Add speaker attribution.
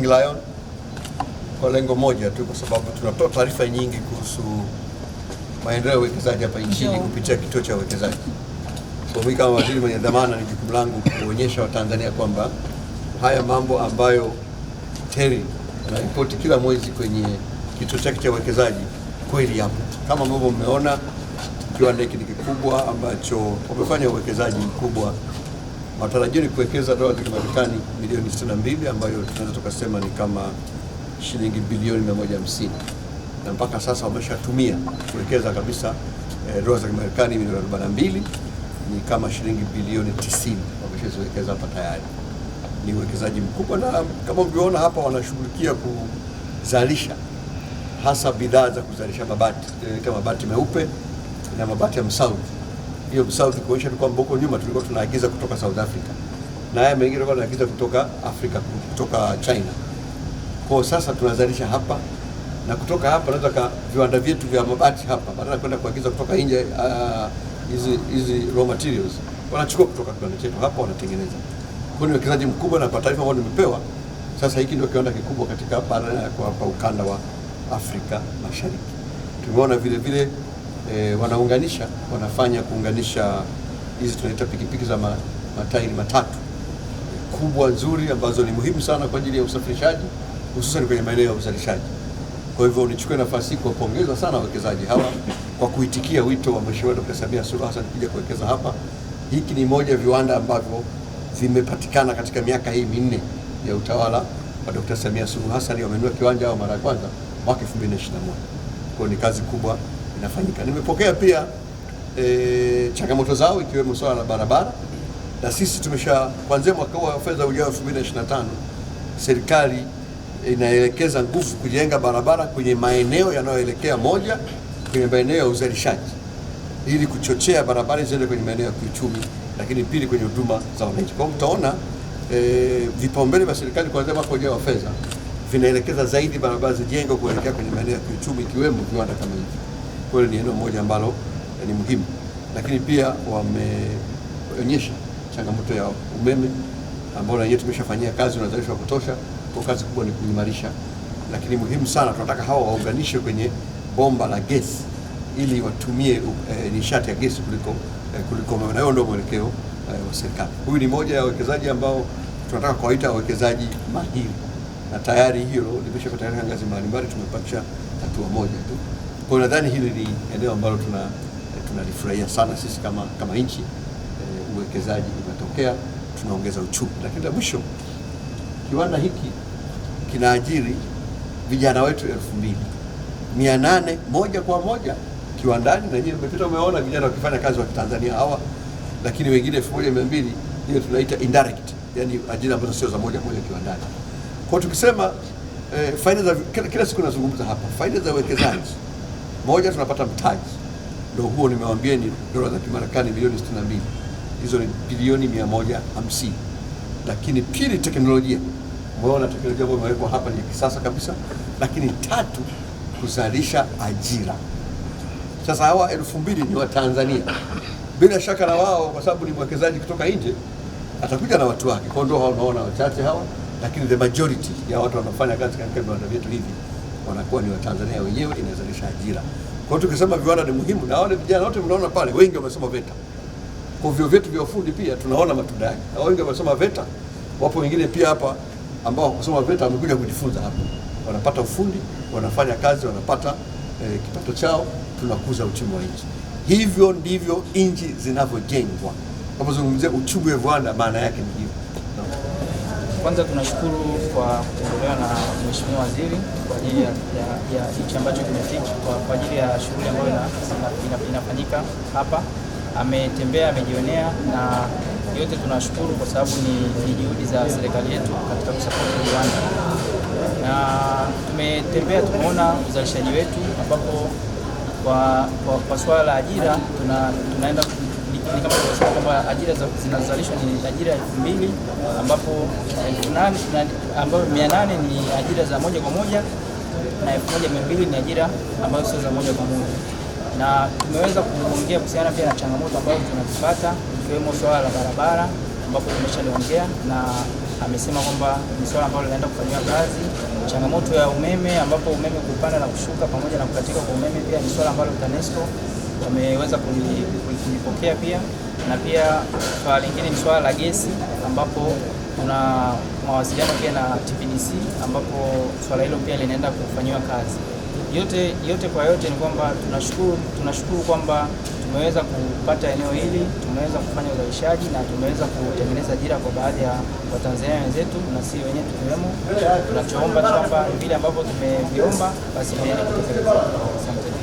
Speaker 1: King Lion kwa lengo moja tu, kwa sababu tunatoa taarifa nyingi kuhusu maendeleo ya uwekezaji hapa nchini kupitia kituo cha uwekezaji. Kwa mimi kama waziri mwenye dhamana, ni jukumu langu kuonyesha Watanzania kwamba haya mambo ambayo TERI anaripoti kila mwezi kwenye kituo chake cha uwekezaji kweli yapo, kama ambavyo mmeona, kiwanda hiki ni kikubwa ambacho wamefanya uwekezaji mkubwa Matarajio ni kuwekeza dola za Kimarekani milioni 62 ambayo tunaweza tukasema ni kama shilingi bilioni 150, na mpaka sasa wameshatumia kuwekeza kabisa eh, dola za Kimarekani milioni 42 ni kama shilingi bilioni 90 wameshaziwekeza hapa tayari. Ni uwekezaji mkubwa, na kama mlivyoona hapa wanashughulikia kuzalisha hasa bidhaa za kuzalisha mabati eh, kama mabati meupe na mabati ya msauti hiyo South kuonyesha kwamba mboko nyuma tulikuwa tunaagiza kutoka South Africa na haya mengine tulikuwa tunaagiza kutoka Afrika, kutoka China. Kwa sasa tunazalisha hapa na kutoka hapa naweza ka viwanda vyetu vya mabati hapa, badala kwenda kuagiza kutoka nje ah, hizi uh, hizi raw materials wanachukua kutoka kiwanda chetu hapa wanatengeneza. Kwa ni wekezaji mkubwa, na kwa taarifa ambayo nimepewa sasa, hiki ndio kiwanda kikubwa katika bara kwa, kwa ukanda wa Afrika Mashariki. Tumeona vile vile e, wanaunganisha wanafanya kuunganisha hizi tunaita pikipiki za ma, matairi matatu kubwa nzuri ambazo ni muhimu sana kwa ajili ya usafirishaji hususan kwenye maeneo ya uzalishaji. Kwa hivyo nichukue nafasi hii kuwapongeza sana wawekezaji hawa kwa kuitikia wito wa Mheshimiwa Dkt. Samia Suluhu Hassan kuja kuwekeza hapa. Hiki ni moja viwanda ambavyo vimepatikana katika miaka hii minne ya utawala wa Dkt. Samia Suluhu Hassan. Wamenunua kiwanja hao mara ya kwanza mwaka 2021. Kwa ni kazi kubwa inafanyika. Nimepokea pia e, changamoto zao ikiwemo swala la barabara, na sisi tumesha kuanzia mwaka wa fedha ujao 2025 serikali inaelekeza nguvu kujenga barabara kwenye maeneo yanayoelekea moja kwenye maeneo ya uzalishaji ili kuchochea barabara ziende kwenye maeneo ya kiuchumi, lakini pili kwenye huduma za wananchi. Kwa hiyo mtaona e, vipaumbele vya serikali kuanzia mwaka ujao wa fedha vinaelekeza zaidi barabara zijengwe kuelekea kwenye maeneo ya kiuchumi ikiwemo viwanda kama hivi kweli ni eneo moja ambalo eh, ni muhimu, lakini pia wameonyesha changamoto ya umeme ambao na yeye tumeshafanyia kazi, unazalishwa kutosha, kwa kazi kubwa ni kuimarisha, lakini muhimu sana tunataka hawa waunganishe kwenye bomba la gesi ili watumie eh, nishati ya gesi kuliko eh, kuliko umeme, na hiyo ndio mwelekeo eh, wa serikali. Huyu ni moja ya wawekezaji ambao tunataka kuwaita wawekezaji mahiri, na tayari hilo limeshakuwa tayari ngazi mbalimbali, tumepatisha hatua moja tu. Kwa hiyo nadhani hili ni eneo ambalo tuna tunalifurahia sana sisi kama, kama nchi e, uwekezaji umetokea, tunaongeza uchumi. Lakini la mwisho, kiwanda hiki kinaajiri vijana wetu elfu mbili mia nane moja kwa moja kiwandani, na nyinyi mmepita umeona vijana wakifanya kazi wa Kitanzania hawa, lakini wengine elfu moja mia mbili hiyo tunaita indirect, yani ajira ambazo sio za moja moja kiwandani. Kwa tukisema e, faida za kila, kila siku nazungumza hapa faida za uwekezaji moja, tunapata mtaji, ndio huo nimewaambia ni dola za Kimarekani milioni 62, hizo ni bilioni 150. Lakini pili, teknolojia. Umeona teknolojia ambayo imewekwa hapa ni ya kisasa kabisa. Lakini tatu, kuzalisha ajira. Sasa hawa elfu mbili ni Watanzania bila shaka, na wao kwa sababu ni mwekezaji kutoka nje atakuja na watu wake, kwa ndio hao unaona wachache hawa, lakini the majority ya watu wanaofanya kazi katika viwanda vyetu hivi wanakuwa ni Watanzania wenyewe, inazalisha ajira. Kwa hiyo tukisema viwanda ni muhimu, na wale vijana wote mnaona pale, wengi wamesoma VETA. Kwa vyuo vyetu vya ufundi pia tunaona matunda yake, na wengi wamesoma VETA. Wapo wengine pia hapa ambao wakusoma VETA wamekuja kujifunza hapa, wanapata ufundi, wanafanya kazi, wanapata eh, kipato chao, tunakuza uchumi wa nchi. Hivyo ndivyo nchi zinavyojengwa. Unapozungumzia uchumi wa viwanda, maana yake ni hivyo.
Speaker 2: Kwanza tunashukuru kwa kutembelewa na Mheshimiwa Waziri kwa ajili ya, ya, ya hiki ambacho kimefiki kwa, ajili ya shughuli ambayo inafanyika hapa. Ametembea, amejionea na yote tunashukuru kwa sababu ni, ni juhudi za serikali yetu katika kusapoti viwanda, na tumetembea tumeona uzalishaji wetu ambapo kwa, kwa, kwa swala la ajira tuna, tunaenda ni kama tunasema kwamba ajira zinazozalishwa ni ajira elfu mbili ambapo elfu nane ambayo mia nane ni ajira za moja kwa moja na elfu moja mia mbili ni ajira ambazo sio za moja kwa moja, na tumeweza kuongea kuhusiana pia na changamoto ambazo tunazipata ikiwemo swala la barabara ambapo tumeshaliongea na amesema kwamba ni swala ambalo linaenda kufanyiwa kazi. Changamoto ya umeme ambapo umeme kupanda na kushuka pamoja na kukatika kwa umeme pia ni swala ambalo TANESCO wameweza kunipokea pia, na pia swala lingine ni swala la gesi, ambapo kuna mawasiliano pia na TPDC, ambapo swala hilo pia linaenda kufanyiwa kazi. Yote yote kwa yote ni kwamba tunashukuru, tunashukuru kwamba tumeweza kupata eneo hili, tumeweza kufanya uzalishaji na tumeweza kutengeneza ajira kwa baadhi ya Watanzania wenzetu na si wenyewe tukiwemo. Tunachoomba kwamba vile ambavyo tumeviomba basi viende kutekelezwa. Asante.